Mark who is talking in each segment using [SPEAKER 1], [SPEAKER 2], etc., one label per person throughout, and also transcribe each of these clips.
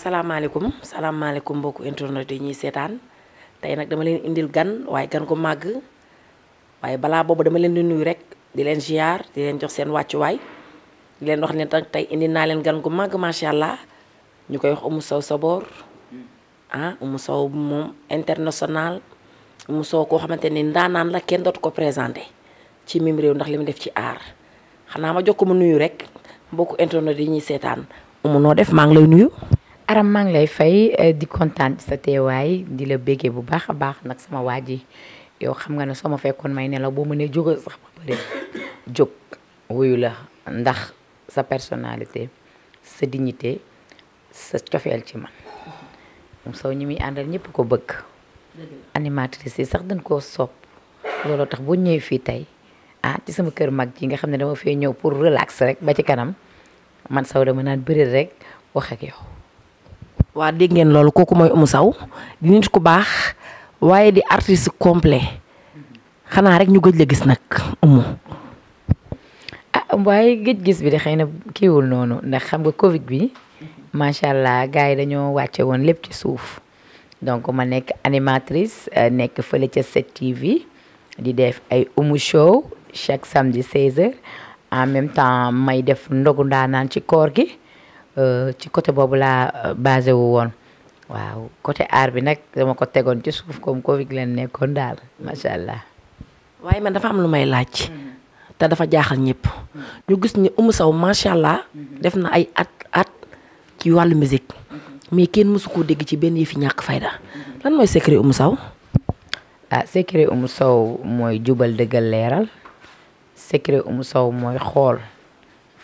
[SPEAKER 1] Assalamualaikum, assalamualaikum boku internet di ñuy seetaan tey nag dama leen indil gan waaye gan ko màgg waaye balaa boobu dama leen di nuyu rek di leen ziar di leen jox seen wàccuwaay di leen wax ne nag tey indi gan gu màgg macha allah wax Sabor ah umu Sow moom international umu Sow ko xamante ni la kenn dot ko présenté ci mim réew ndax def ci aar xanaa ma jox ko mu nuyu rek mbokku internet di umu no def maa ngi lay nuyu aram mang lay fay eh, di kontaan sa teewaay di la bege bu baax a baax sama waji yo xam nga ne sama fekkon fekkoon may nelaw boo meune jogal sax bele jog wuyu la ndax sa personnalité sa dignité sa tofel ci man mom saw ñimi andal ñep ko bëgg animatrice sax dañ ko sop lolo tax boo ñëwee fi tay ah ci sama kër mag ji nga xam ne dama ñew pour relax rek ba ci kanam man saw dama naan bëre rek wax ak yow waa dégg ngeen loolu kooku mooy Oumou saw di nit ku baax waaye di artiste complet xanaa rek ñu gëj la gis nag Oumou. ah waaye gëj-gis bi de xëy na kiiwul noonu ndax xam nga Covid bi macha allah gars yi dañoo wàcce woon lépp ci suuf donc ma nekk animatrice euh, nekk fële ca 7TV di def ay Oumou Show chaque samedi 16h en même temps may def ndogu ndaanaan ci koor gi. ci côté boobu laa basé wu woon waaw côté aar bi nag dama ko tegoon ci suuf comme Covid leen nekkoon daal macha allah. waaye man dafa am lu may laaj. Mm-hmm. te dafa jaaxal ñëpp. Mm-hmm. ñu gis ni Oumou saw macha allah. Mm-hmm. def na ay at at ci wàllu musique. mais kenn mësu koo dégg ci benn yëfi ñàkk fayda. lan mooy secret Oumou saw ah secret Oumou saw mooy jubal dëggal leeral. secret Oumou saw mooy xool.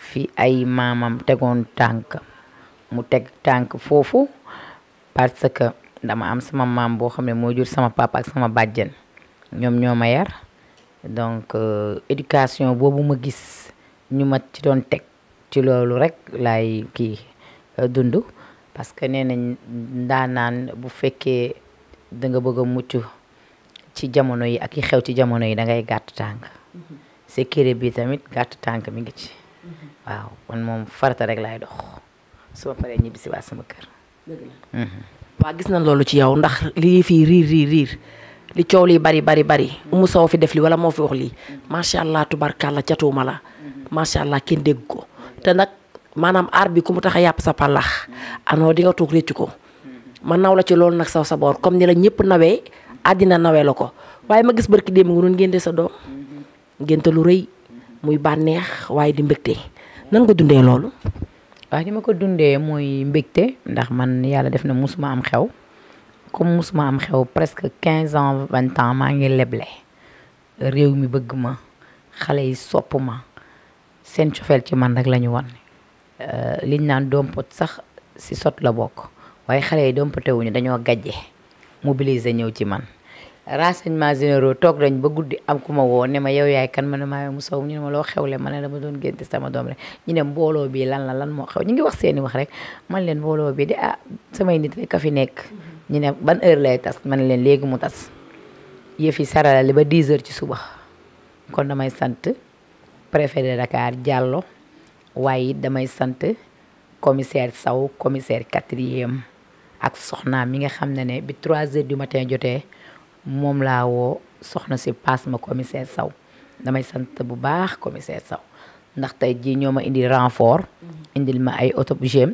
[SPEAKER 1] fi ay mamam tegon tank, mu teg tank fofu parce que dama am sama mam bo xamne mo jur sama papa ak sama badjan, ñom ñoma ayar, yar donc euh, éducation bobu ma gis ñu ma ci don tek ci lolu rek ki euh, dundu parce que nee nañ nan bu fekke da nga bëgg muccu ci jamono yi ak xew ci jamono yi da ngay gàtt tànk mm-hmm. sécurité bi tamit gatt tank mi ngi ci waaw man moom farata rek laay dox su ma paree ñibbi si sama kër. dëgg mhm. waa gis nañ loolu ci yow ndax lii fii riir riir riir li coow lii bari bari bari Oumou Sow fi def lii wala moo fi wax lii macha allah tubarkalla catuuma la macha allah kenn dégg ko te nag maanaam aar bi ku mu tax a yàpp sa pallax anoo di nga toog réccu ko ma naw la ci loolu nag saw sa boor comme ni la ñëpp nawee àddina nawe la ko waaye ma gis barki démb nga doon ngénte sa doom ngénte mhm. lu muy bànneex waaye di mbégte nan ko dundee loolu. waa ni ma ko dundee mooy mbégte ndax man yàlla def na musuma am xew comme musuma am xew presque quinze ans vingt ans maa ngi leble réew mi bëgg ma xale yi sopp ma seen cofeel ci man rek la ñu wan euh, liñ naan dompot sax si sot la bokk waaye xale yi dompotewuñu dañoo gàjje mobiliser ñëw ci man. renseignements généraux toog dañ ba guddi am ku ma woo ne ma yow yaay kan ma ne maa mu sow ñu ne ma loo xewle ma ne dama doon génte sama doom rek ñu ne mbooloo bi lan la lan moo xew ñu ngi wax seeni wax rek man leen mbooloo bi de ah samay nit rek a fi nekk ñu ne ban heure lay tas ma leen léegi mu tas yëf yi saralali ba 10 heures ci suba kon damay sant préfet de Dakar Diallo waaye it damay sant commissaire Sow commissaire quatrième ak soxnaam mi nga xam ne ne bi trois heures du matin jotee moom laa woo soxna si paas ma commissaire saw damay sant bu baax commissaire saw ndax tey jii ñoo ma indi renfort mm-hmm. indil ma ay auto gem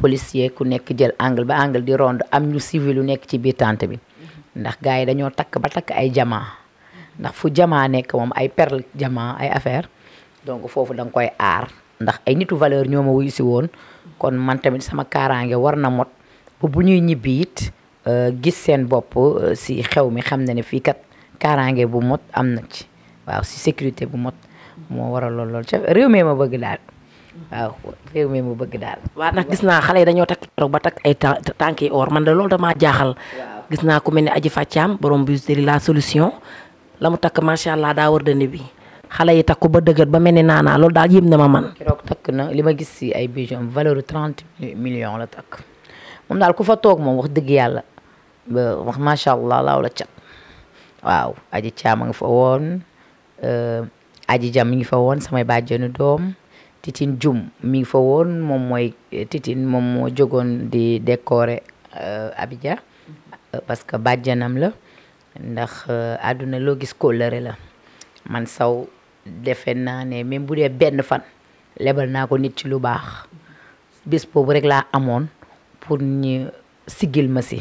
[SPEAKER 1] policier ku nekk jël angle ba angle di rond am ñu civil lu nekk ci biir tànt bi mm-hmm. ndax gars yi dañoo takk ba takk ay jamaa mm-hmm. ndax fu jamaa nekk moom ay perle jamaa ay affaire donc foofu da nga koy aar ndax ay nitu valeur ñoo ma wuyu si woon kon man tamit sama kaaraange war na mot bu bu ñuy ñibbi it Euh, gis seen bopp euh, si xew mi xam na ne fii kat kaaraange bu mot am na ci waaw si sécurité bu mot moo waral lool lool ca réew mee ma bëgg daal waaw réew mi ma bëgg daal. waaw ndax gis naa xale yi dañoo takk keroog ba takk ay tànk or man de loolu damaa jaaxal. gis naa ku mel ni Aji Fathiam borom bus de la solution la mu takk macha allah daa war dënn bi. xale yi takku ba dëgër ba mel ni naanaa lool daal yëm na ma man. keroog takk na li ma gis si ay bijoux am valeur 30 millions la takk. mom dal ku fa tok mom wax deug yalla ba wax sha allah la wala chat waw aji caama nga fa euh aji jam nga fa won samay bàjjenu dom titin jum mi fa won mom moy eh, titin mom mo jógoon di décorer eh, Abidja eh, parce que bàjjanam la ndax aduna lo gis kóllëre la man saw defe na ne même boudé ben fan lebal nako nit ci lu bax bis bobu rek la amone pour ñu siggil ma si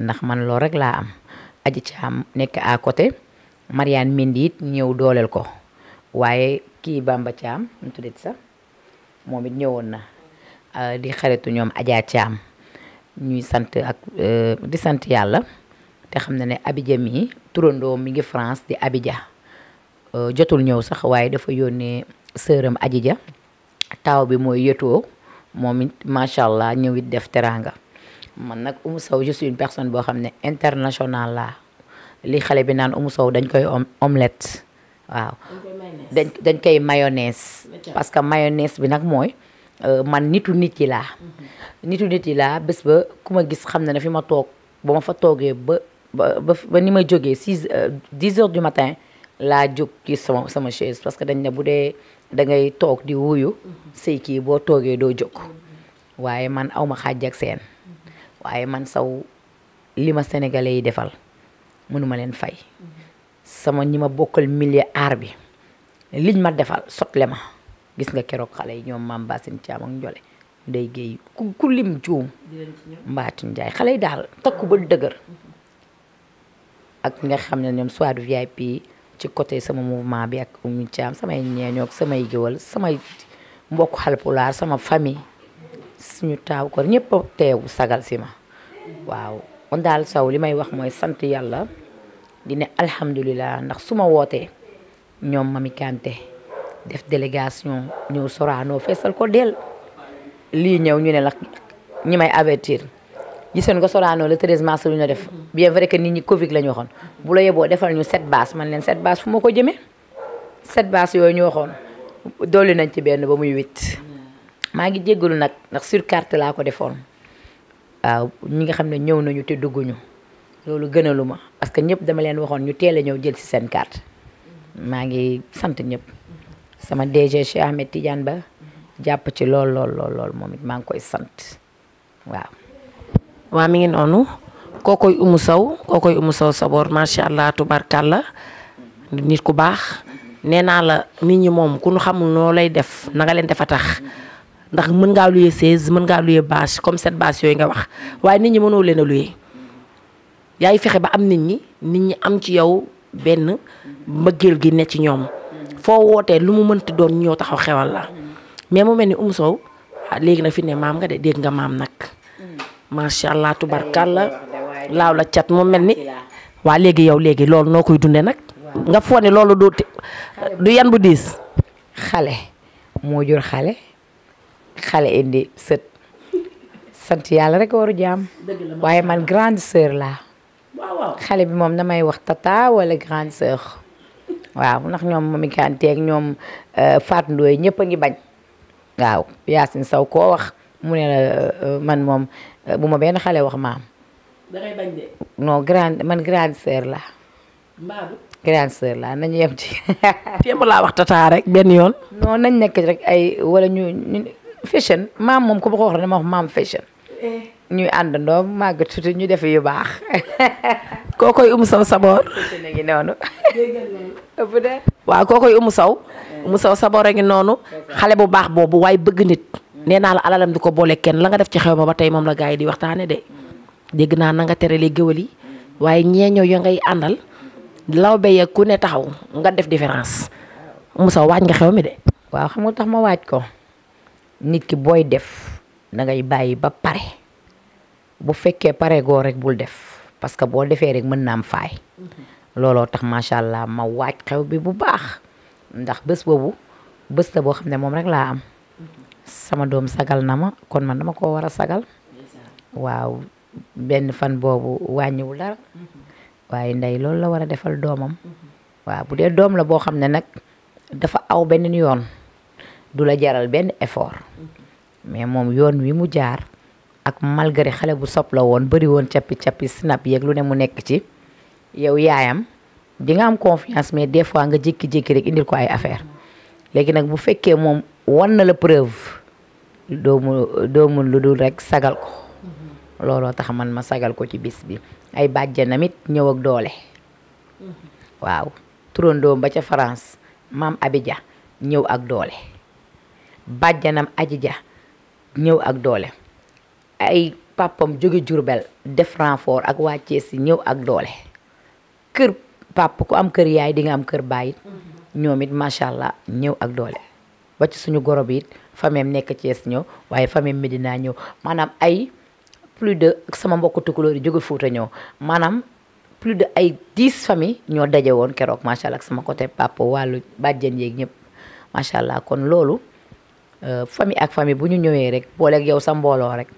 [SPEAKER 1] ndax man lool rek laa am aji caam nekk à côté Marianne Mendy ñëw dooleel ko waaye kii Bamba Caam mu tuddit sax moom it ñëwoon na euh, di xaritu ñoom Adja Caam ñuy sant ak euh, di sant yàlla te xam na ne Abidja mi turandoo mi ngi France di Abidja euh, jotul ñëw sax waaye dafa yónnee sëram Adja taaw bi mooy yëtoo moom it macha allah ñëw it def teraanga man nag Oumou Sow je suis une personne boo xam ne international la li xale bi naan Oumou Sow dañ koy omelette waaw. dañ dañ koy mayonnaise. parce que mayonnaise bi nag mooy euh, man nitu nit yi laa. Mhm. nitu nit yi laa bés ba ku ma gis xam ne ne fi ma toog ba ma fa toogee ba ba ba ni ma jógee six euh, dix heures du matin laa jóg ci sama sama chaise parce que dañ ne bu dee. da toog di wuyu sëy kii boo toogee doo jóg waaye man awma xaaj ak seen waaye man saw li ma sénégalais yi defal mënuma leen fay sama ñi ma bokkal milieu aar bi liñ ma defal sotle ma gis nga keroog xale yi ñoom maam Bassine Thiam ak Ndiolé Ndeye ku ku lim juum mbaatu Ndiaye xale yi daal takku ba dëgër ak nga xam ne ñoom soit VIP ci côté sama mouvement bi ak Oumy Thiam samay ñeeñoog samay géwal samay mbokk xalpulaar sama famille suñu taaw ko ñëpp a teewu sagal si ma waaw kon daal saw li may wax mooy sant yàlla di ne alhamdulilah ndax su ma wootee ñoom Mami Kanté def délégation ñëw Sorano feesal ko del lii ñëw ñu ne la ñi may avertir gisoon nga Sorano le 13 mars lu ñu def bien vrai que nit ñi Covid la ñu waxoon bu la yeboo defal ñu sept base man leen sept base fu ma ko jëmee sept base yooyu ñu waxoon dolli nañ ci benn ba muy huit maa ngi jéggalu nag ndax sur carte laa ko defoon waaw ñi nga xam ne ñëw nañu te dugguñu loolu gënalu ma parce que ñëpp dama leen waxoon ñu teel a ñëw jël si seen carte maa ngi sant ñëpp sama DG Cheikh Ahmed Ba jàpp ci lool lool lool moom it maa ngi koy sant waaw waa mi ngi noonu kookoy Umu Sow kookoy Umu Sow Sabor macha allah la nit ku baax nee naa la nit ñi moom ku nu xamul noo lay def nanga leen def a tax ndax mën ngaa luyee seize mën ngaa luyee bâche comme set bâche yooy nga wax waaye nit ñi mënoo leen a luyee yaay fexe ba am nit ñi nit ñi am ci yow benn mbëggeel gi ne ci ñoom foo wootee lu mu mënti doon ñëw taxaw xewal la mais mu mel ni Umu Sow ah, léegi nag fi ne maam nga de dégg nga maam nag. macha allah tubarkalla laaw la cat mu mel ni waa léegi yow léegi loolu noo koy dundee nag nga foog loolu du du yan bu diis. xale moo jur xale xale indi sët sant yàlla rek waru jaam waaye man grande sœur laa xale bi moom damay wax tataa walla grande sœur waaw ndax ñoom Mami ñoom euh, Fatou Ndoye ñëpp a ngi bañ waaw Yacine Sow koo wax mu ne la euh, man moom bu ma benn xale wax maam. no ngay man grande sœur la. mbaa grande la nañu yem ci. téem laa wax rek benn yoon. non nañ nekk rek ay wala ñu ñu maam moom ku ma ko wax dama wax maam fashion. Eh. ñuy àndandoo màgg tuuti ñu def yu baax. koo koy umu saw saboor. fashion koo koy umu saw. Eh. umu saw saboor a ngi noonu. xale bu baax boobu waaye bëgg nit. nee alam la alalam ken, ko boole la nga def ci xewma ma ba tay mom la gars di waxtane de deg naa na nga terelee géwël yi waaye ñeeñoo ya ngay àndal ya ku ne taxaw nga def différence musa waaj nga xewmi de. waaw xam nga tax ma waaj ko nit ki boy def da ngay bayyi ba pare bu fekkee pare go rek bul def parce que bo defee rek mën na am fay lolo tax macha allah ma waaj xew bi bu baax ndax bëss bobu bëss ta bo xam mom rek la am. sama doom sagal na ma kon man dama koo war a sagal waaw benn fan boobu wàññiwu la waaye ndey loolu la war a defal doomam waaw bu dee doom la boo xam ne nag dafa aw benn yoon du la jaral benn effort mais moom yoon wi mu jaar ak malgré xale bu sopp woon bëri woon cappi cappi snap yeeg lu ne mu nekk ci yow yaayam di nga am confiance mais des fois nga jékki-jékki rek indil ko ay affaire legi nak bu fekke mom won na la preuve doomu doomu doo lu rek sagal ko mhm. lolo tax man ma sagal ko ci bis bi ay namit ñew ak doole
[SPEAKER 2] mhm.
[SPEAKER 1] waaw turandoom ba ca France mam Abidja ñew ak doole nam Adja ñew ak doole ay papam joge Jurbel def renfort ak waa ci ñew ak doole keur pap ku am keur yaay di nga am keur baye mhm. ñoom it macha allah ñëw ak doole ba ci suñu gorob it fameem nekk Thiès ñëw waaye fameem Medina ñëw maanaam ay plus de sama mbokku tukulóor yi jóge Fuuta ñëw maanaam plus de ay dix famille ñoo daje woon keroog macha allah ak sama côté papa wàllu bàjjen yéeg ñëpp macha allah kon loolu euh, famille ak famille bu ñu ñëwee rek booleeg yow sa mbooloo rek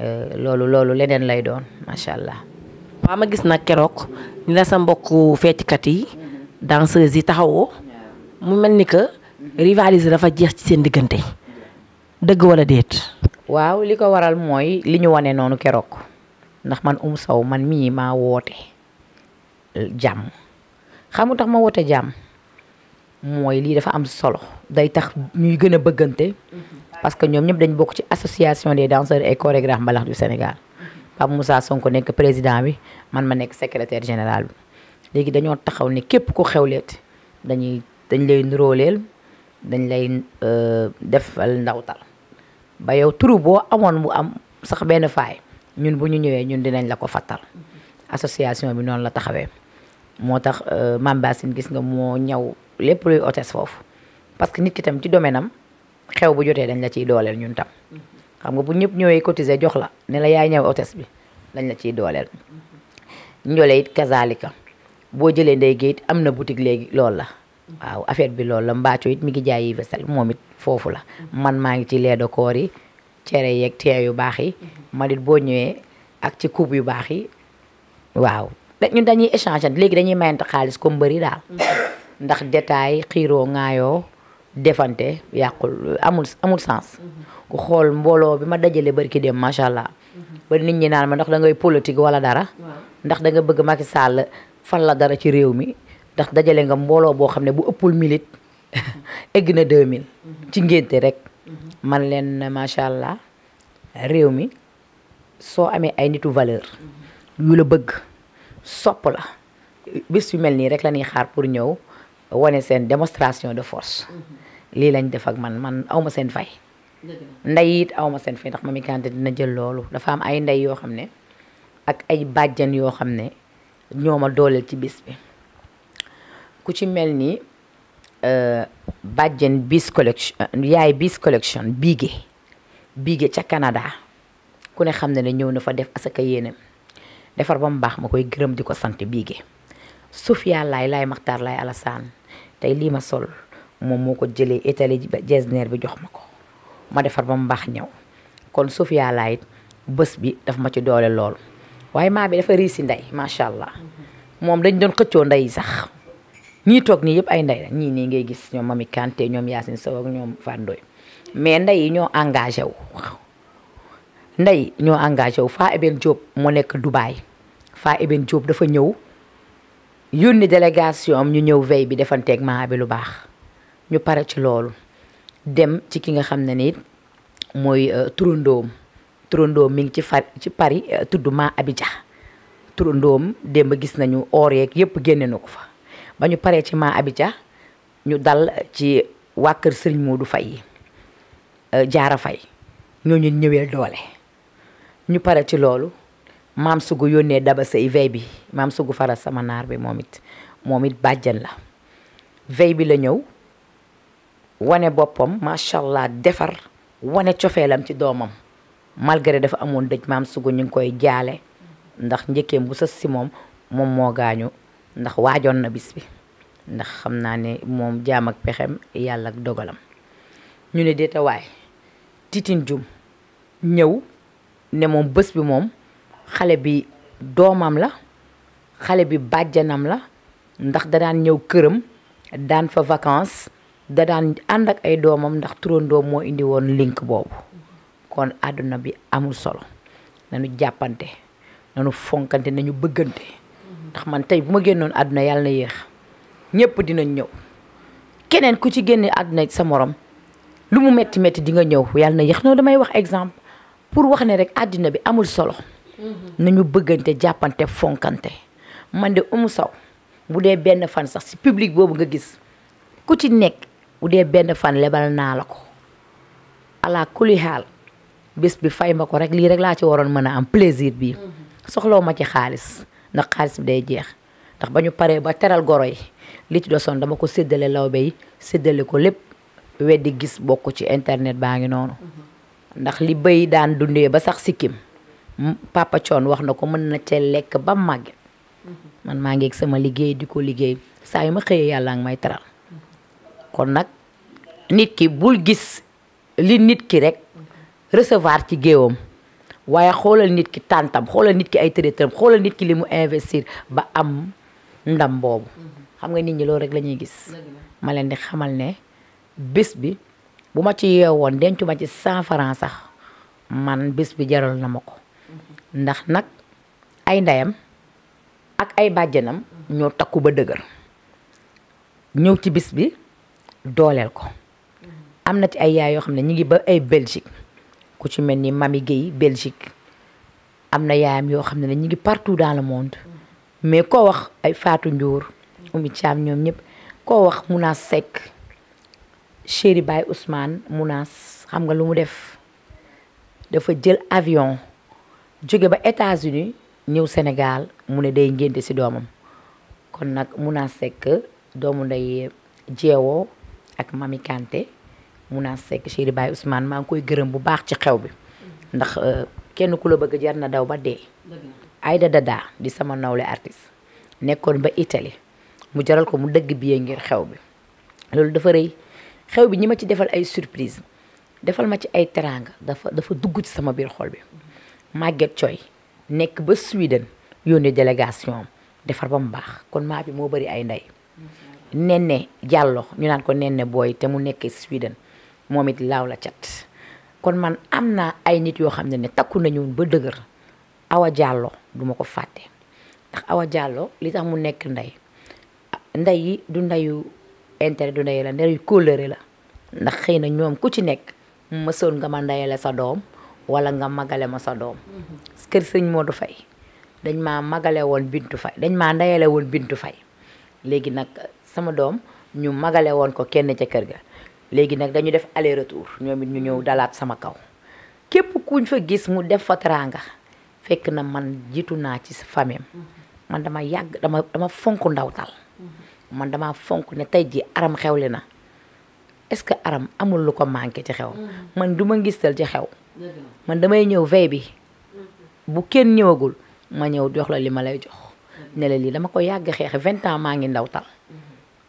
[SPEAKER 1] euh, loolu loolu leneen lay doon macha allah. waaw ma gis nag keroog ni la sa mbokku fecckat yi mhm. danseuses yi taxawoo. mu mel ni que rivaliser dafa jeex ci seen diggante dëgg wala déet. waaw li ko waral mooy li ñu wane noonu keroog ndax man um saw man mii maa woote jàmm xamu tax ma woote jàmm mooy lii dafa am solo day tax ñuy gën a bëggante parce que ñoom ñëpp dañ bokk ci association des danseurs et chorégraphes mbalax du Sénégal Pape Moussa Sonko nekk président bi man ma nekk secretaire général bi léegi dañoo taxaw ne képp ku xewleet dañuy. dañ lay nurooleel dañ lay euh, defal ndawtal ba yow turu boo amoon mu am sax benn faay ñun bu ñu ñëwee ñun dinañ la ko fattal association bi noonu la taxawee moo tax euh, Mame Bassine gis nga moo ñaw lépp luy hôtesse foofu parce que nit ki tam ci domaine am xew bu jotee dañ la ciy dooleel ñun tam xam nga bu ñëpp ñëwee cotiser jox la ne la yaay ñëw hôtesse bi dañ la ciy dooleel njole it kazalika boo jëlee ndey géej am na boutique léegi loolu la waaw affaire bi loolu la mbaaco it mi ngi jaay yi moom it foofu la man maa ngi ci leedo koor yi cere yeeg tee yu baax yi mhm. ma dit boo ñëwee ak ci coupe yu baax yi waaw ñun dañuy échange léegi dañuy mayante xaalis comme mbëri daal mhm. ndax détail xiiroo ŋaayoo defante yàqul amul amul sens mhm. ku xool mbooloo bi ma dajale barki dem macha allah ba nit ñi naan ma ndax da ngay politique wala dara ndax da nga bëgg Macky Sall fan la dara ci réew mi ndax dajale nga mbooloo boo xam ne bu ëppul milit egg na 2000 mhm. ci ngénte rek mhm. man leen macha allah réew mi soo amee ay nitu valeur mhm. yu la bëgg sopp la bis yu mel nii rek la xaar pour ñëw wane seen démonstration de force lii lañ def ak man man awma seen fay ndey it awma seen fay ndax Mami Kanté dina jël loolu dafa am ay ndey yoo xam ne ak ay bàjjan yoo xam ne ñoo ma dooleel ci bis bi ku ci mel ni bàjjen bis collection yaay bis collection biige biige ca Canada ku ne xam ne ne ñëw na fa def asaka yéenam defar ba mu baax ma koy gërëm di ko sant biige Sofia laay laay Maxtaar laay Alassane tey lii ma sol moom moo ko jëlee étalé jesner bi jox ma ko ma defar ba mu baax ñëw kon Sofia laay bés bi daf ma ci doole lool waaye maa bi dafa riisi ndey macha allah moom dañ doon xëccoo ndey sax ñii toog nii yëpp ay ndey la ñii nii ngay gis ñoom Mami Kanté ñoom Yacine Sow ak ñoom Fandoy mais ndey ñoo engagé wu ndey ñoo engagé wu Faa Eben Diop moo nekk Dubaay Faa Eben Diop dafa ñëw yónni délégation am ñu ñëw veille bi defanteeg maa bi lu baax ñu pare ci loolu dem ci ki nga xam ne ni mooy euh, turandoom turandoom mi ngi ci far ci Paris euh, tudd maa Abidja turandoom démb gis nañu or yeeg yëpp génne na ko fa. ba ñu paree ci maa Abidja ñu dal ci waa kër du Modou Faye jaara euh, Faye ñoo ñu ñëwee doole ñu pare ci loolu maam sugu yónnee daba sey vey bi maam sugu faral sama naar bi moom it moom it bàjjan la vey bi la ñëw wane boppam macha allah defar wane cofeelam ci doomam malgré dafa amoon dëj maam sugu ñu ngi koy jaale ndax njëkkeem bu sa si moom moom moo gaañu ndax waajoon na bis bi ndax xam naa ne moom jaam ak pexem yàlla ak dogalam ñu ne déeta waay titin jum ñëw ne moom bés bi moom xale bi doomam la xale bi bàjjanam la ndax da daan ñëw këram daan fa vacances da daan ànd ak ay doomam ndax turandoom moo indi woon link boobu kon àdduna bi amul solo nañu jàppante nañu fonkante nañu bëggante ndax man tey bu ma génnoon àdduna yàlla na yéex ñëpp dinañ ñëw keneen ku ci génne àdduna sa morom lu mu metti metti di nga ñëw yàlla na yéex noonu damay wax exemple pour wax ne rek àddina bi amul solo mm-hmm. nañu bëggante jàppante fonkante man de umu saw bu dee benn fan sax si public boobu nga gis ku ci nekk bu dee benn fan lebal naa la ko ala kuli xaal bés bi fay ma ko rek lii rek laa ci waroon mën a am plaisir bi mm-hmm. soxlaw ma ci xaalis ndax xaalis bi day jeex ndax ba ñu paree ba teral goro yi li ci dosoon dama ko séddale lawbe yi séddale ko lépp weddi gis bokk ci internet baa ngi noonu ndax li béy daan dundee ba sax sikkim papa coon wax na ko mën na cee lekk ba màgg man maa ngi ak sama liggéey di ko liggéey saa yi ma xëyee yàlla ngi may teral kon nag nit ki bul gis li nit ki rek recevoir ci géewam waaye xoolal nit ki tàntam xoolal nit ki ay traiteur xoolal nit ki li mu investir ba am ndam boobu xam nga nit ñi loolu rek lañuy gis ma leen di xamal ne bis bi bu ma ci yeewoon dencu ma ci cent francs sax man bis bi jaral na ma ko ndax nag ay ndeyam ak ay bàjjenam ñoo takku ba dëgër ñëw ci bis bi dooleel ko am na ci ay yaay yoo xam ne ñu ngi ba ay Belgique ku ci mel ni Mami Guèye Belgique am na yaayam yoo xam ne ñu ngi partout dans le monde mais koo wax ay Fatou Ndiour Oumy Thiam ñoom ñëpp koo wax Mounas Seck chéri Baye Ousmane Mounas xam nga lu mu def dafa jël avion jóge ba États-Unis ñëw Sénégal mu ne day ngénte ci doomam kon nag Mounas sekk doomu nday jeewoo ak Mami Kanté Mouna Seck Chéri Baye Ousmane maa ngi koy gërëm bu baax ci xew bi ndax euh, kenn ku la bëgg jar na daw ba dee Aïda Dada di sama nawle artiste nekkoon ba Italie mu jaral ko mu dëgg biyee ngir xew bi loolu dafa rëy xew bi ñi ma ci defal ay surprise defal ma ci ay teranga dafa dafa dugg ci sama biir xol bi Maguette Coy nekk ba Sweden yónnee délégation am defar ba mu baax kon maa bi moo bëri ay ndey nenne jàllo ñu naan ko nenne booy te mu nekkee Sweden moom it laaw la cat kon man am naa ay nit yoo xam ne ne takku nañu ba dëgër Awa jàlloo duma ko fàtte ndax Awa jàlloo li tax mu nekk ndey ndey du ndeyu intérêt du ndeyu la ndeyu kóllëre la ndax xëy na ñoom ku ci nekk mësoon nga ma ndeyale sa doom wala nga magale ma sa doom
[SPEAKER 2] mm-hmm.
[SPEAKER 1] kër sëñ du Faye dañ maa magale woon Bintu Faye dañ maa ndeyale woon Bintu léegi nag sama doom ñu magale woon ko kenn ca kër ga léegi nag dañu def aller ñoom it ñu ñëw dalaat sama kaw képp kuñ fa gis mu def fa teraanga fekk na man jiitu naa ci famem man dama yàgg dama dama fonk ndawtal man dama fonk ne tey ji aram xewle na est-ce que aram amul lu ko manqué ci xew man du ma ngistal ci xew man damay ñëw vey bi bu kenn ñëwagul ma ñëw jox la li ma lay jox ne la lii dama ko yàgg xeex vingt ans maa ngi ndawtal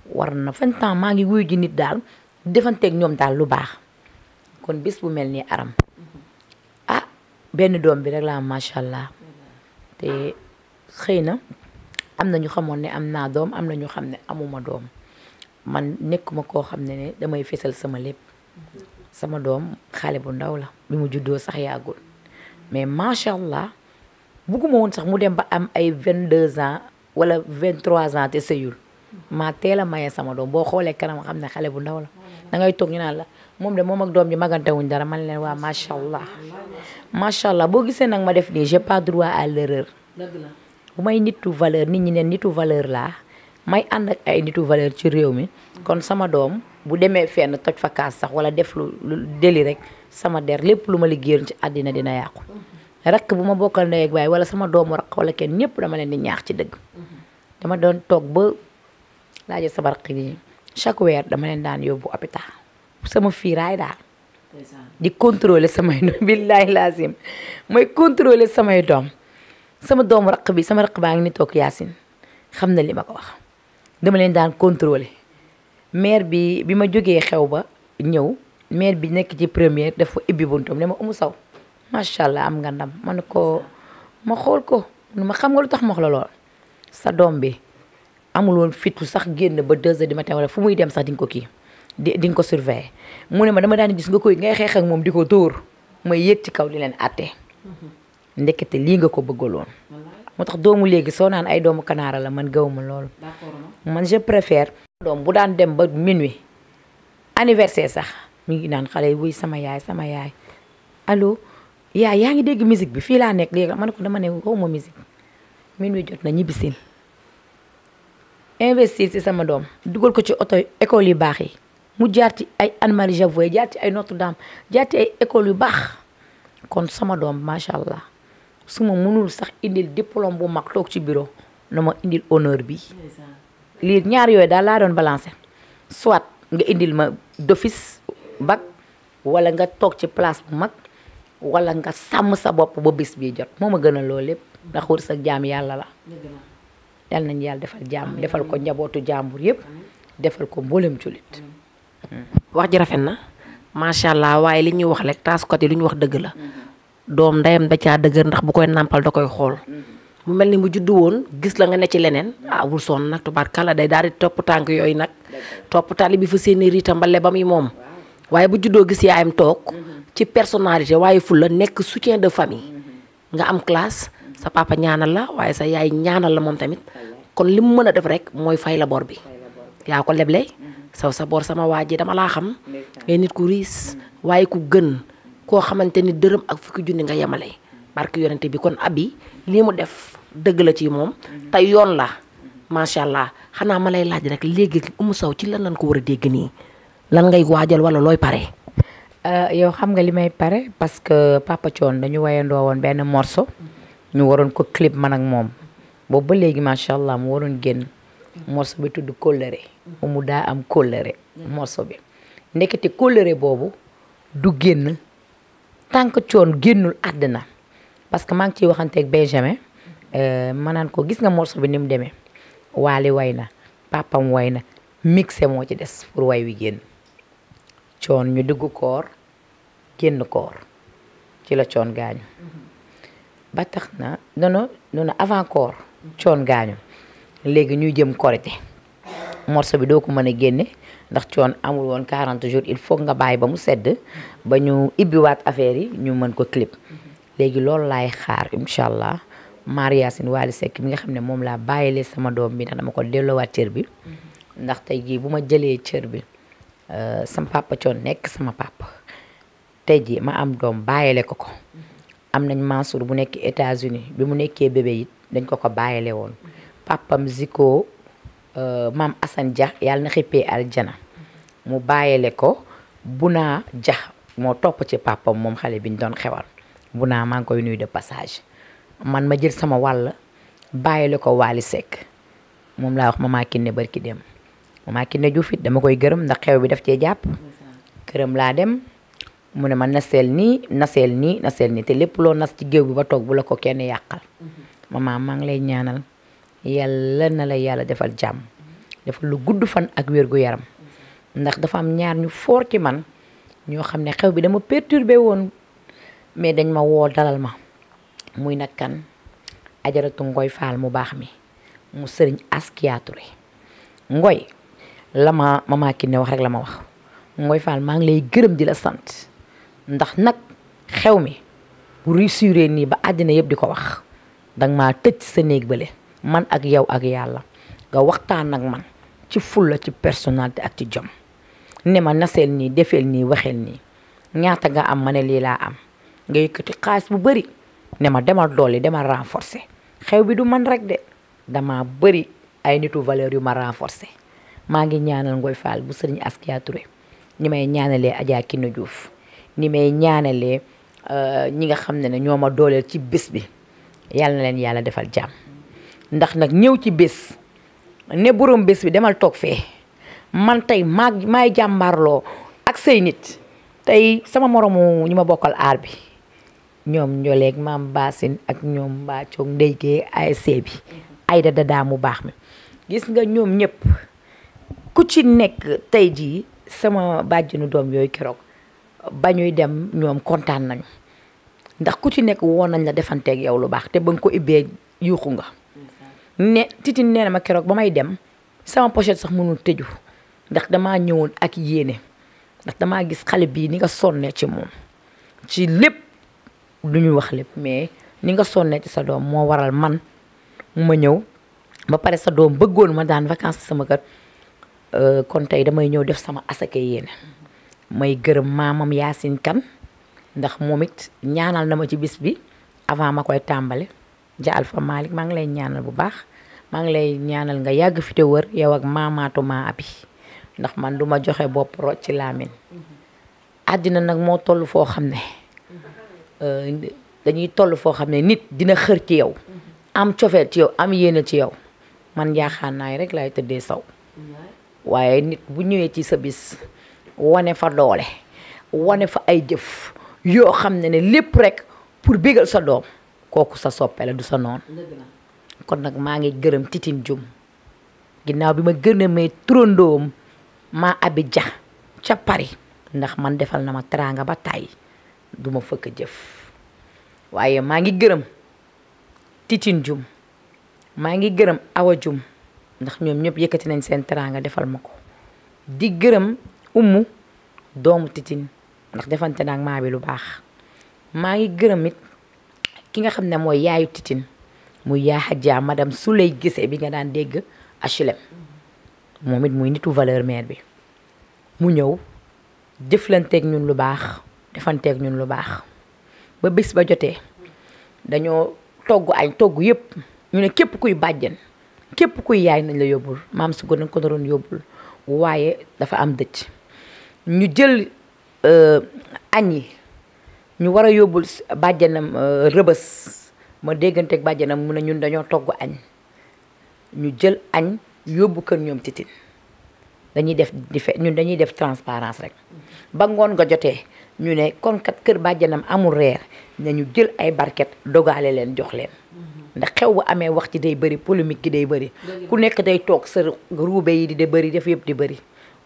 [SPEAKER 1] war na vingt ans maa ngi wuy ji nit daal defante ak ñom dal lu bax kon bis bu melni aram ah ben dom bi rek la ma sha allah te xeyna amna ñu xamone amna dom amna ñu xamne amuma dom man nekuma ko xamne ne damay fessel sama lépp sama dom xale bu ndaw la bi mu juddo sax yàggul mais ma sha allah bugguma won sax mu dem ba am ay 22 ans wala 23 ans te sëyul ma tela maye sama dom bo xole kanam xamne xale bu ndaw la. da ngay tok ñu la mom de mom ak doom ji magante wuñ dara man leen ma sha allah sha allah bo gisé nak ma def ni j'ai pas droit à l'erreur
[SPEAKER 2] bu
[SPEAKER 1] may nitu valeur nit ñi neen nitu valeur la may and ak ay nitu valeur ci réew mi kon sama dom, bu démé fenn toj fa kaas sax wala def lu déli rek sama der lepp lu ma liggéeyoon ci adina dina yàqu rakk bu ma ndey ak bay wala sama doomu rakk wala ken ñepp dama leen di ñaax ci deug mhm. dama don tok ba laaje sabar xini chaque weer dama leen daan yóbbu hôpital sama fiiraay daal di contrôler sama doom billahi mooy contrôler samay doom sama doom raq bi sama raq baa ngi ni toog yaasin xam na li ma ko wax dama leen daan contrôler maire bi bi ma jógee xew ba ñëw maire bi nekk ci première dafa ibbi buntam ne ma umu saw macha allah am nga ma man ko ma xool ko nu ma xam nga lu tax ma wax la lool sa doom bi amul woon fitu sax génn ba 2 heures du matin wala fu muy dem sax di nga ko kii di di ko surveiller mu ne ma dama daan gis nga koy ngay xeex ak moom di ko dóor may yéeg ci kaw li leen àtte ndekete lii nga ko bëggaloon. moo tax doomu léegi soo naan ay doomu kanaara la man gawuma loolu. man je préfère. doom bu daan dem ba minuit anniversaire sax mu ngi naan xale yi wuy sama yaay sama yaay allo yaay yaa ngi dégg musique bi fii laa nekk léegi man ko dama ne xawma musique minuit jot na ñibbisil investir ci sama doom dugal ko ci oto école yu baax yi mu jaar ci ay Anne-Marie jaar ci ay Notre-Dame jaar ci ay école yu baax kon sama doom macha allah su ma mënul sax indil diplôme bu mag toog ci bureau na ma indil honneur bi lii ñaar yooyu daal laa doon balancé soit nga indil ma dofis bac wala nga toog ci place bu mag wala nga sàmm sa bopp ba bis bii jot moo ma gënal loolu lépp ndax sa jaam yàlla la yàlla nañ yàlla defal jamm defal ko njabotu jambur yeb defal ko mbolem julit wax ji rafet na sha allah waaye liñu wax lek taasukat yi lu ñu wax deug la dom ndayam da ca dëgër ndax bu koy nampal da koy xol mu melni mu juddu won gis la nga ne ci lenen ah wul sonn nag tubaarkàlla day daal di topp tànk yooyu nag topp tali bi fa seeni riita mbale ba bu juddoo gis yaayam tok ci personnalité waye fu la nek soutien de famille nga am classe sa papa ñaanal la waye sa yaay ñaanal la mom tamit kon lim mu def rek moy fay la bor bi ya ko leble saw sa bor sama waji dama la xam ngay nit ku riis waye ku gën ko xamanteni deureum ak fukki jundi nga yemale barki yonente bi kon abi limu def deug la ci mom te yoon la macha allah xanaa ma lay laaj rek léegi umu saw ci lan lan ko wara deg ni lan ngay wajal wala paré pare euh, yow xam nga limay paré pare parce que papa chon dañu wayandoo woon ben morceau ñu waroon ko clip man nag moom boobu ba léegi macha allah mu waroon génn morceau bi tudd kóllëre mu daa am kóllëre morceau bi ndekete kóllëre boobu du génn tànk coon génnul àddina parce que maa ngi ciy waxanteeg Benjamin euh, ma naan ko gis nga morceau bi ni mu demee waali way na papam way na mixé moo ci des pour way wi génn coon ñu dugg koor génn koor ci la coon gaañu ba tax na noonu noonu avant corps coon gaañu léegi ñuy jëm korité morceau bi doo ko mën a génne ndax coon amul woon quarante jours il faut nga bàyyi ba mu sedd ba ñu ibbiwaat affaire yi ñu mën ko clip léegi loolu laay xaar incha allah Maria Sin Wally Seck mi nga xam ne moom laa bàyyilee sama doom bi ndax dama ko delloowaat cër bi ndax tey gii bu ma jëlee cër bi euh, sama papa coon nekk sama papa tey jii ma am doom bàyyile ko ko am nañ Mansour bu nekk États-Unis bi mu nekkee bébé it dañ ko ko bàyyile woon papam Ziko euh, maam Assane jax yàlla na xippee aljana mu bàyyile ko bu Buna jax moo topp ci pàppam moom xale bi ñu doon xewal Buna maa ngi koy nuyu de passage man ma jël sama wàll bàyyile ko Waly Seck moom laa wax mama Kiné barki dem mama Kiné Diouf it dama koy gërëm ndax xew bi daf cee jàpp këram laa dem na sel ni na sel ni na sel ni te lepp lo nas ci geew bi ba tok bu la ko kenn yàqal Iya ma ngi lay ñaanal yalla na la yalla defal jam. defal lu gudd fan ak wér gu yaram ndax dafa am ñaar ñu for ci man ño xamne ne xew bi dama perturbé won mais dañ ma wo dalal ma muy nak kan ajaratu ngoy faal mu bax mi mu ngoy lama mama ki ne wax rek lama fal wax ngoy faal ma ngi lay gëreum di la sante ndax nag xew mi bu réussiree nii ba àddina yëpp di ko wax danga ma tëj sa néeg bële man ak yow ak yàlla nga waxtaan nag man ci fulla ci personnalité ak ci jom ne ma naseel nii defeel nii waxeel nii ñaata nga am ma ne lii laa am nga yëkkati xaalis bu bëri ne ma demal doole demal renforcer xew bi du man rek de dama bëri ay nitu valeur yu ma renforcer maa ngi ñaanal Ngoy Fall bu sëriñ Askia Touré may ñaanalee Adja Kine Diouf ni may ñaanalee euh, ñi nga xam ne ne ñoo ma dooleel ci bés bi yàlla na leen yàlla defal jàmm ndax nag ñëw ci bés ne borom bés bi demal toog fee man tey maa maay jàmbarloo ak say nit tey sama moromu ñu ma bokkal aar bi ñoom njooleek maam Basin ak ñoom mbaacoog ndeygee ASC bi Aïda Dada mu baax mi gis nga ñoom ñëpp ku ci nekk tey jii sama bàjjenu doom yooyu keroog ba ñuy dem ñoom kontaan nañu ndax ku ci nekk woon nañ la defanteeg yow lu baax te ba nga ko ibbee yuuxu nga. ne titi nee ma keroog ba may dem sama pochette sax mënul tëju ndax damaa ñëwoon ak yéene ndax damaa gis xale bii ni nga sonnee ci moom ci lépp du ñu wax lépp mais ni nga sonnee ci sa doom moo waral man ma ñëw ba pare sa doom bëggoon ma daan vacances sama kër euh, kon tey damay ñëw def sama asaka yéene. may gërëm maamam Yacine Kane ndax moom it ñaanal na ma ci bis bi avant ma koy tàmbale ja Alpha Malick maa ngi lay ñaanal bu baax maa ngi lay ñaanal nga yàgg fi te wër yow ak maamaatu maa bi ndax man duma joxe bopp rocc ci laamin àddina nag moo toll foo xam ne dañuy toll foo xam ne nit dina xër ci yow am cofeel ci yow am yéene ci yow man jaaxaan rek lay tëddee saw waaye nit bu ñëwee ci sa bis wane fa doole wane fa ay jëf yoo xam ne ne lépp rek pour bégal sa doom kooku sa soppe la du sa noon kon nag maa ngi gërëm titin jum ginnaaw bi ma gërëmee turandoom maa abi ja ca ndax man defal na ma teraanga ba tàyyi du ma fëkk jëf waaye maa ngi gërëm titin jum maa ngi gërëm awa jum ndax ñoom ñëpp yëkkati nañ seen teraanga defal ma ko di gërëm ummu doomu titin ndax defante naag maa bi lu baax maa ngi gërëm it ki nga xam ne mooy yaayu titin muy yaa Hadja madame Souley gisee bi nga daan dégg HLM moom it muy nitu valeur mère bi mu ñëw jëflanteeg ñun lu baax defanteeg ñun lu baax ba bis ba jotee dañoo togg añ togg yépp ñu ne képp kuy bàjjen képp kuy yaay nañ la yóbbul maam su ko dañ ko doon yóbbul waaye dafa am dëcc ñu jël euh, añ yi ñu war a yóbbul bàjjanam euh, rëbës ma dégganteeg bàjjanam mu ne ñun dañoo togg añ ñu jël añ yóbbu kër ñoom titin dañuy def dife ñun dañuy def transparence rek ba ngoon nga jotee ñu ne kon kat kër bàjjanam amul reer ñu jël ay barket dogale leen jox leen ndax xew bu amee wax ci day bëri polémique gi day bëri ku nekk day toog sa ruube yi di de bëri def yëpp di bëri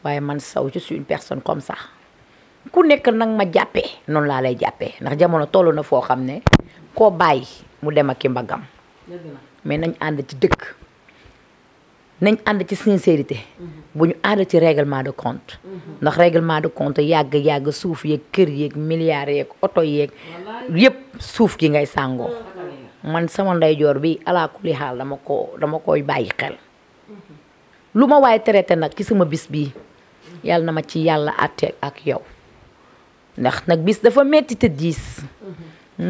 [SPEAKER 1] waye man saw ci suis une personne comme ça ku nek nak ma jappé non la lay jappé ndax jamono toll na fo xamné ko bay mu dem ak mbagam mais nañ and ci deuk nañ and ci sincérité mm-hmm. buñu and ci règlement de compte mm-hmm. ndax règlement de compte yag yag souf yek kër yek milliard yek oto yek yep souf gi ngay sango mm-hmm. man sama jor bi ala kuli hal dama ko dama koy bàyyi xel luma way traité nak ci sama bis bi yàlla na ma ci yàlla àtte ak yow ndax nag bis dafa metti te diis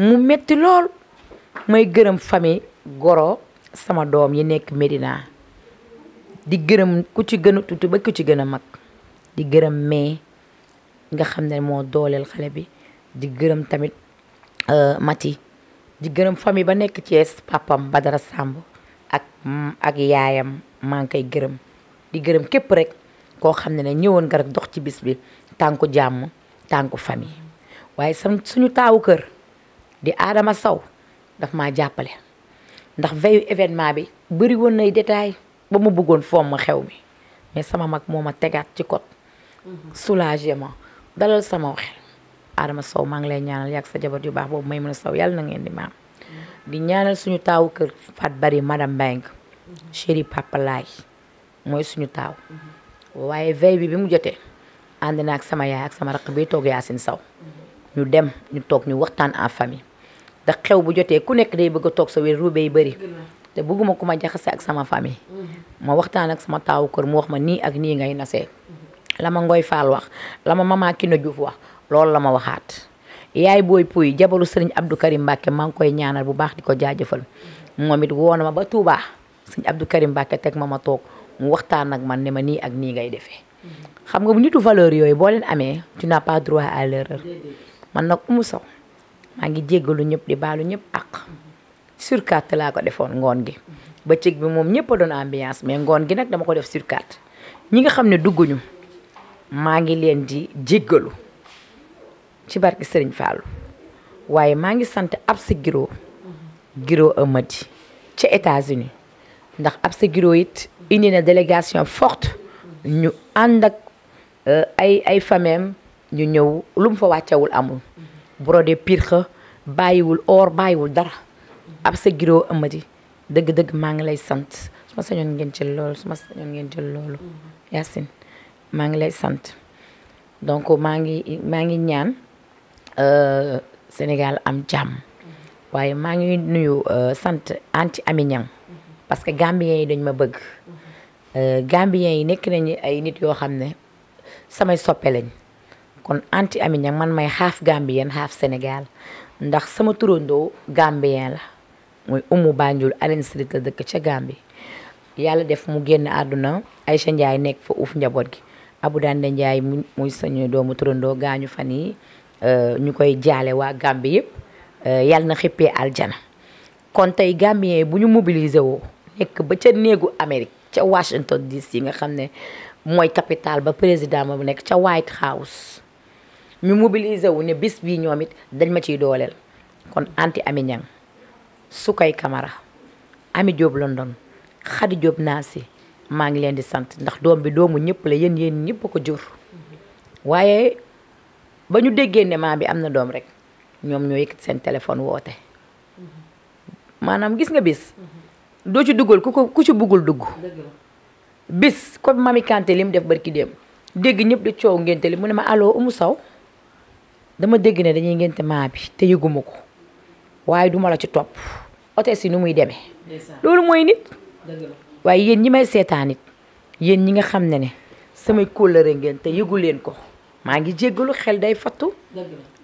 [SPEAKER 1] mu metti lool mooy gërëm fami Goro sama doom yi nekk Medina di gërëm ku ci gën a tuuti ba ku ci gën a mag di gërëm mais nga xam ne moo dooleel xale bi di gërëm tamit euh, Mati di gërëm famille ba nekk Thiès papam Badara Samb ak ak yaayam maa ngi koy gërëm di gërëm képp rek koo xam ne ne ñëwoon nga rek dox ci bis bi tànku jàmm tànku famille waaye sam suñu taawu kër di Adama saw dafa maa jàppale ndax veyu événement bi bëri woon nay détail ba ma bëggoon fomm ma xew mi mais sama mag moom ma tegaat ci kot mhm. soulagé ma dalal sama xel Adama Sow maa ngi lay ñaanal yàgg sa jabar yu baax boobu may mën a Sow yàlla na ngeen di maam mhm. di ñaanal suñu taawu kër Fat Bari madame Mbengue mhm. chéri papa mooy suñu taaw waaye veille bi bi mu jotee ànd naa ak sama yaay ak sama raq bi toog Yacine saw ñu dem ñu toog ñu waxtaan en famille ndax xew bu jotee ku nekk day bëgg a toog sa wér ruube yi bëri te bëgguma ku ma jaxase ak sama famille ma waxtaan ak sama taawu kër mu wax ma nii ak nii ngay nasee la ma Ngoy Faal wax la ma mama Kino Diouf wax loolu la ma waxaat yaay booy puy jabalu sëriñ Abdou Karim Mbacke maa ngi koy ñaanal bu baax di ko jaajëfal moom it woona ma ba tuubaa sëriñ Abdou Karim Mbacke teg ma ma toog mu waxtaan ak man ne ma nii ak nii ngay defee xam nga bu nitu valeur yooyu boo leen amee tu n'as pas droit à man nag Oumou Sow maa ngi jéggalu ñëpp di baalu ñëpp ak surcat carte laa ko defoon ngoon gi ba bëccëg bi moom ñëpp a doon ambiance mais ngoon gi nag dama ko def sur carte ñi nga xam ne dugguñu maa ngi leen di jéggalu ci barki Sëriñ Fallou waaye maa ngi sant ab si giro giro amati ca États-Unis ndax ab si giro it indi na délégation forte ñu ànd euh, ay ay fameem ñu ñëw lum fa wàccewul amul brodé pirxa bàyyiwul or bàyyiwul dara ab sa giroo amati dëgg-dëgg maa ngi lay sant su ma sañoon ngeen jël loolu su ma sañoon ngeen maa ngi lay sant donc maa ngi maa ngi ñaan euh, Sénégal am jàmm waaye maa ngi nuyu euh, sant anti ami ñam parce que Gambien yi dañ ma bëgg Euh, Gambiens yi nekk nañu ay nit yoo xam ne samay soppe lañ kon anti Amy man may half Gambien half Sénégal ndax sama turandoo Gambien la moy Oumou Banjul alen Street la dëkk ca Gambie yàlla def mu génn aduna Aïcha ndjay nekk fa uuf njabot gi Abou Dande ndjay muy sañu doomu turandoo gaañu fan yi euh, ñu koy jaale waa yep yëpp euh, yàlla na xippee aljana kon tey Gambien yi bu ñu mobiliser woo nekk ba ca néegu Amérique ca Washington DC nga xam ne mooy capital ba président ma bu nekk ca White House ñu mobiliser wu ne bis bii ñoom it dañ ma ciy dooleel kon anti Ami su koy Camara Ami Diop London Khady Diop Naasi maa ngi leen di sant ndax doom bi doomu ñëpp la yéen yéen ñëpp a ko jur waaye ba ñu déggee ne maa bi am na doom rek ñoom ñoo yëkkat seen téléphone woote maanaam gis nga bis doo ci dugal ku ko ku ci buggul dugg bis comme Mami li mu def barki dem dégg ñëpp di coow ngénte li mu ne ma aloo Oumou saw dama dégg ne dañuy ngénte maa bi te yëguma ko waaye duma la ci topp hôtesse yi nu muy demee loolu mooy nit waaye yéen ñi may seetaan it yéen ñi nga xam ne ne samay kóllëre ngeen te yëgu leen ko maa ngi jéggalu xel day fattu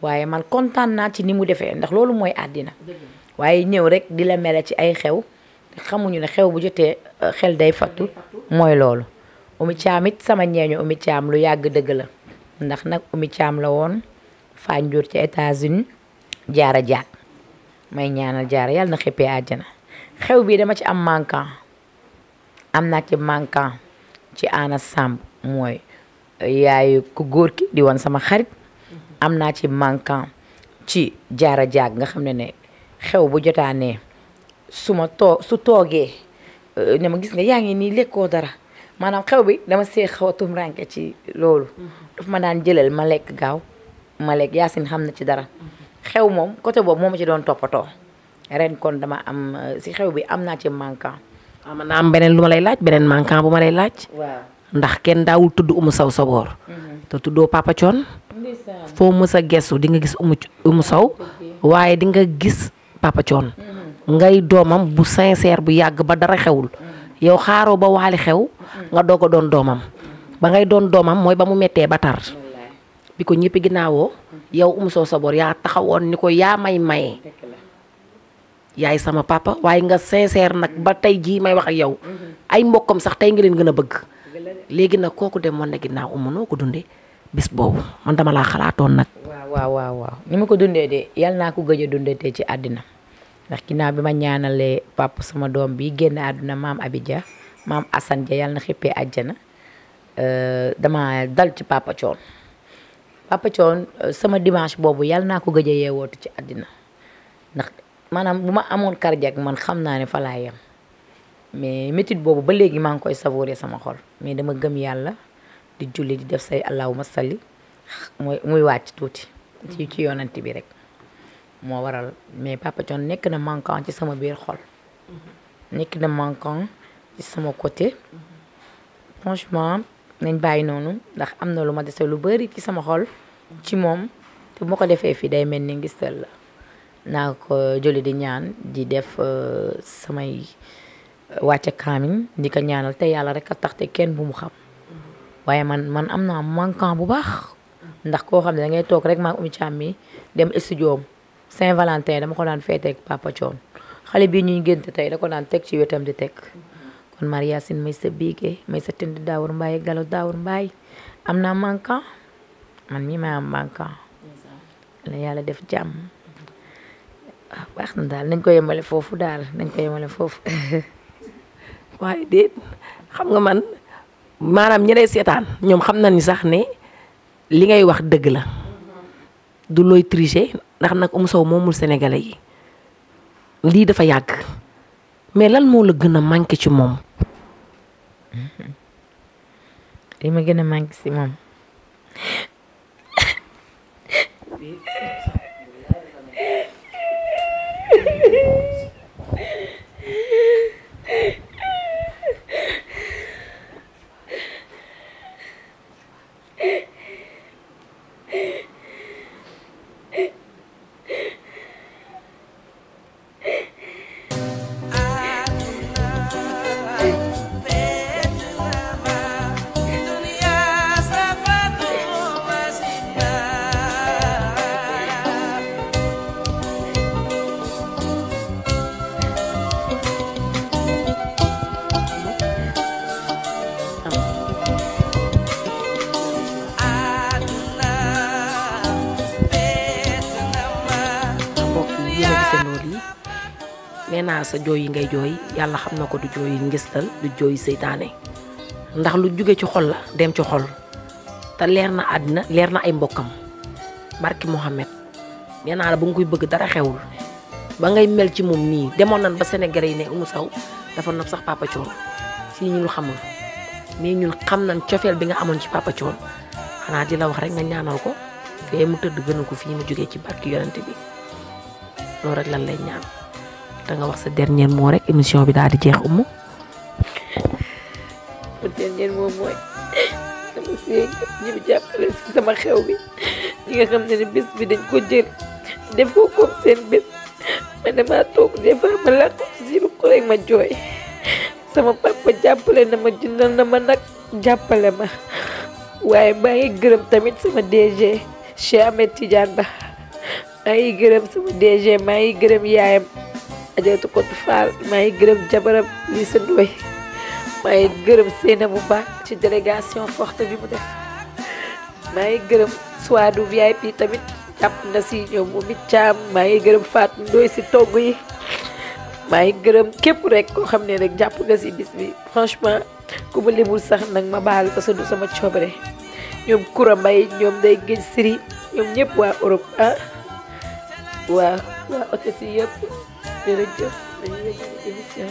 [SPEAKER 1] waaye man kontaan naa ci ni mu defee ndax loolu mooy àddina waaye ñëw rek di la mere ci ay xew xamuñu ne xew bu jotee euh, xel day fattu mooy loolu Oumy Thiam sama ñeeño Oumy Thiam lu yàgg dëgg la ndax nag Oumy Thiam la woon Fanjul ci États-Unis jaara jaar may ñaanal jaara yàlla na xëppee àjjana xew bii dama ci am manquant am naa ci mànkan ci Anna Samb mooy yaayu ku góor ki di woon sama xarit am naa ci manquant ci jaara jaag nga xam ne ne xew bu jotaanee suma to su toge eh, ne ma gis nga yaangi ni lekko dara manam xew bi dama sey xawatum a ci lolu mm-hmm. daf ma daan jëlal ma lek gaaw ma lek yasin xamna ci dara mm-hmm. xew mom côté bob moma ci doon topato ren kon dama am eh, si xew bi amna ci mankan ah, waaw am benen luma lay laaj benen mankan bu lay laaj waaw ndax ken dawul tuddu umu saw sobor mm-hmm. to tuddo papa chon fo a di nga gis umu umu saw waye di nga gis papa ngay doomam bu sincère bu yàgg ba dara xewul yow xaaroo ba waali xew nga doog a doon doomam ba ngay doon doomam mooy ba mu mettee ba tar bi ko ñépp ginnaawoo yow Oumou Sow Sabor yaa taxawoon ni ko yaa may maye yaay sama papa waaye nga sincère nag ba tey jii may wax ak yow ay mbokkam sax tey nga leen gën a bëgg léegi nag kooku dem woon na ginnaaw Oumou noo ko dundee bis boobu man dama laa xalaatoon nag. ni ma ko dundee de yàlla naa ko gëj a dundee ci àddina. ndax ginnaaw bi ma ñaanalee papa sama doom bi génn àdduna maam Abidja maam Assane Dia yàlla na xippee àjjana euh, dama dal ci papa Thione papa Thione euh, sama dimanche boobu yàlla naa ko gëj a yeewootu ci àddina ndax maanaam bu ma amoon cardiaque man xam naa ne fa mais métit boobu ba léegi maa ngi koy savouré sama xol mais dama gëm yàlla di julli di def say allahuma salli mooy muy wàcc tuuti ci ci yoonanti bi rek mo waral mais Papa john nek na manquant ci sama bir xol nek na manquant ci sama côté franchement nañ bàyyi noonu ndax amna luma déssé ma lu bari ci sama xol ci mom té moko défé fi day melni ngistal la ko di ñaan di def sama wacce kaamin di ko ñaanal te yalla rek ka te kenn bu mu xam waye man man amna manquant bu baax ndax ko xam da ngay tok rek ma umi chammi dem studio Saint-Valentin dama ko daan féetee ak papa Thione xale bii ñuy génte tey da ko daan teg ci wetam di teg kon Maria Sine may sa biige may sa tënd Daawur Mbaay Galo Daawur Mbaay am naa manquant man mii may am manquant la yàlla def jàmm waaw ah, baax na daal nañ ko yemale foofu daal nañ ko yemale foofu waaye déet xam nga man maanaam ñi seetaan ñoom xam nañ ni sax ni li ngay wax dëgg la du looy tricher ndax nag Oumou Sow moomul sénégalais yi lii dafa yàgg mais lan moo la gën a manqué ci moom. li ma gën a manqué ci moom. nee sa joy yi ngay joy yalla xamna ko du joy ngistal du joy seytaane ndax lu jóge ci xol la dem ci xol ta leer adna àddina na ay mbokam barki mohammed nee la bu ngui bëgg dara xewul ba ngay mel ci mom ni demoon nan ba Sénégalais yi ne Oumou saw dafa nopp sax Papa Thione ci ñu xamul mais ñun xam nañ ciofel bi nga amon ci Papa xana di la wax rek nga ñaanal ko mu gënal ko fi mu ci barki yonent bi lo rek lan lay ñaan da nga wax sa dernier mot rek émission bi daal di jeex umu. ma dernier mot mooy dama siy ñi jàppale si sama xew bi ñi nga xam ne ne bés bi dañ ko jël def ko comme seen bés ma damaa ma làkk jàppale na ma nag jàppale ma waaye maa ngi gërëm tamit sama DG Cheikh Ahmed Tidiane Ba maa ngi gërëm sama DG maa ngi yaayam. ajatu ko fal may gërëm jabaram li sa doy may gërëm seena bu ba ci délégation forte bi mu def may gërëm soadu vip tamit jàpp na si ñoom bu mi cham may gërëm fat doy si togg yi may gërëm képp rek ko xamne rek nga si bis bi franchement ku ma lebul sax nak ma baal ko sa du sama coobare ñoom kura may ñoom day gëj siri ñoom ñëpp wa europe ah wa wa otesi 没有家，没有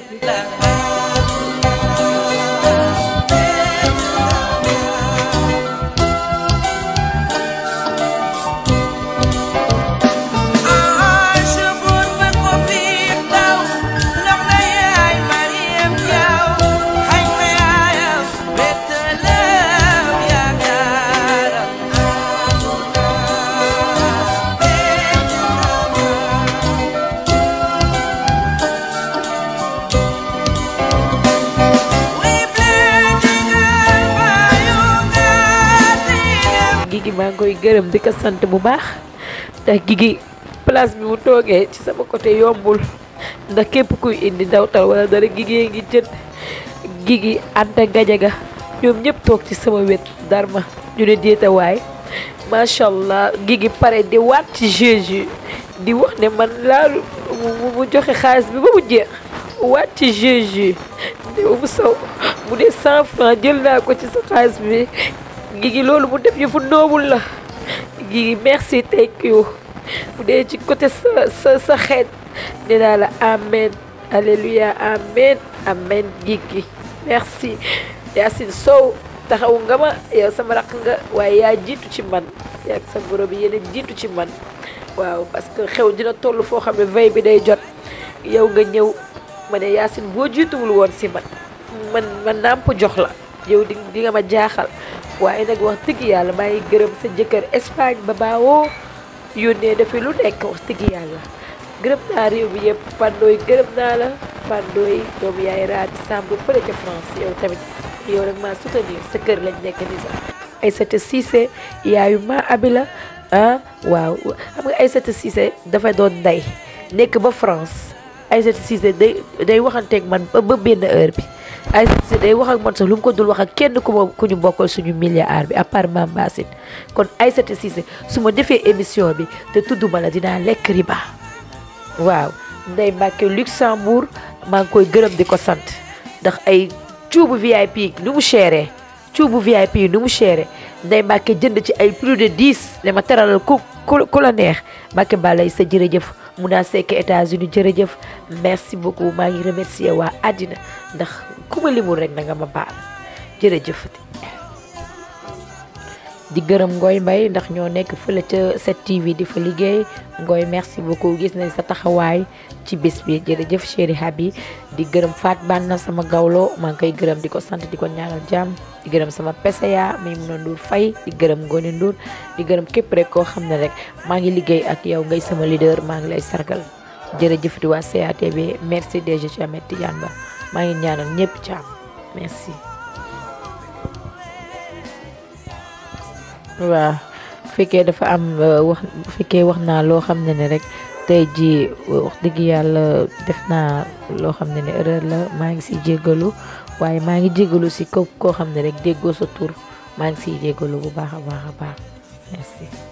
[SPEAKER 1] 故乡。ngi koy gërëm di ko sant bu baax ndax gigi place bi mu toogee ci sama côté yombul ndax képp kuy indi ndawtal wala dara gigee ngi jën gigi Anta Gajaga ñoom ñëpp toog ci sama wet darma ñu ne déeta waay macha allah gigi pare di waat ci Jésus di wax ne man laalu mu joxe xaalis bi ba mu jeex ci Jésus mu sow mu ne 100 jël naa ko ci sa xaalis bi Guigui loolu mu def yëfu noobul la Guigui merci thank you bu dee ci côté sa sa xeet nee naa la amen alléluia amen amen Guigui merci Yacine Sow taxaw nga ma yow sama raq nga waaye yaa jiitu ci man yaa sa borom bi a jiitu ci man waaw parce que xew dina toll foo xam ne vey bi day jot yow nga ñëw ma ne Yacine boo jiituwul woon si man man nàmp jox la yow di di nga ma jaaxal waaye nag wax dëgg yàlla bàyyi gërëm sa jëkkër Espagne ba baawoo yónnee na lu nekk wax dëgg yàlla gërëm naa réew bi yëpp Fandooy gërëm naa la Fandooy doomu yaay raadu Samb fële ca France yow tamit yow nag maa soutenir sa kër lañ nekk nii sax Aïssata Cissé yaayu maa abi la ah waaw xam nga Aïssata Cissé dafa doon ndey nekk ba France Aïssata Cissé day day waxanteeg man ba benn heure bi Aziz Sy day wax ak man sax lu ko dul wax ak kenn ku ma ku ñu bokkal suñu milliard bi à part Mame Bassine kon Aïssata Cissé su ma defee émission bi te tudduma la dinaa lekk riba waaw ndey Mbacke Luxembourg maa ngi koy gërëm di ko sant ndax ay cuubu VIP lu mu chéré. cuubu VIP yi nu mu chéré nday Mbàkke jënd ci ay plus de 10 ma teralal ku ku la neex Mbàkke balay sa jërëjëf mun naa sekk États-Unis jëf merci beaucoup maa ngi remercier waa àddina ndax ku ma limul rek na nga ma baal jërëjëf di gërëm ngooy Mbay ndax ñoo nekk fële ca 7TV di fa liggéey Ngoy merci beaucoup gis nañ sa taxawaay ci bis bi jërëjëf chéri Habi di gërëm Faat Banna sama gawlo maa ngi koy gërëm di ko sant di ko ñaanal jàmm di gërëm sama PCA ya, mëna ndur fay di gërëm goni ndur di gërëm képp rek ko xam rek ma ngi liggéey ak yow ngay sama leader ma ngi lay sargal di wa CATV merci DG Thiamet Tidiane Ba maa ngi ñaanal ñëpp caam merci wa fiké dafa am euh, wax fiké waxna lo loo xam ne rek tay ji wax dëgg yalla defna lo loo ne erreur la ma ngi si jéggalu waaye maa ngi jégalu si ko koo xam ne rek déggoo sa tur maa ngi siy jégalu bu baax a baax a baax merci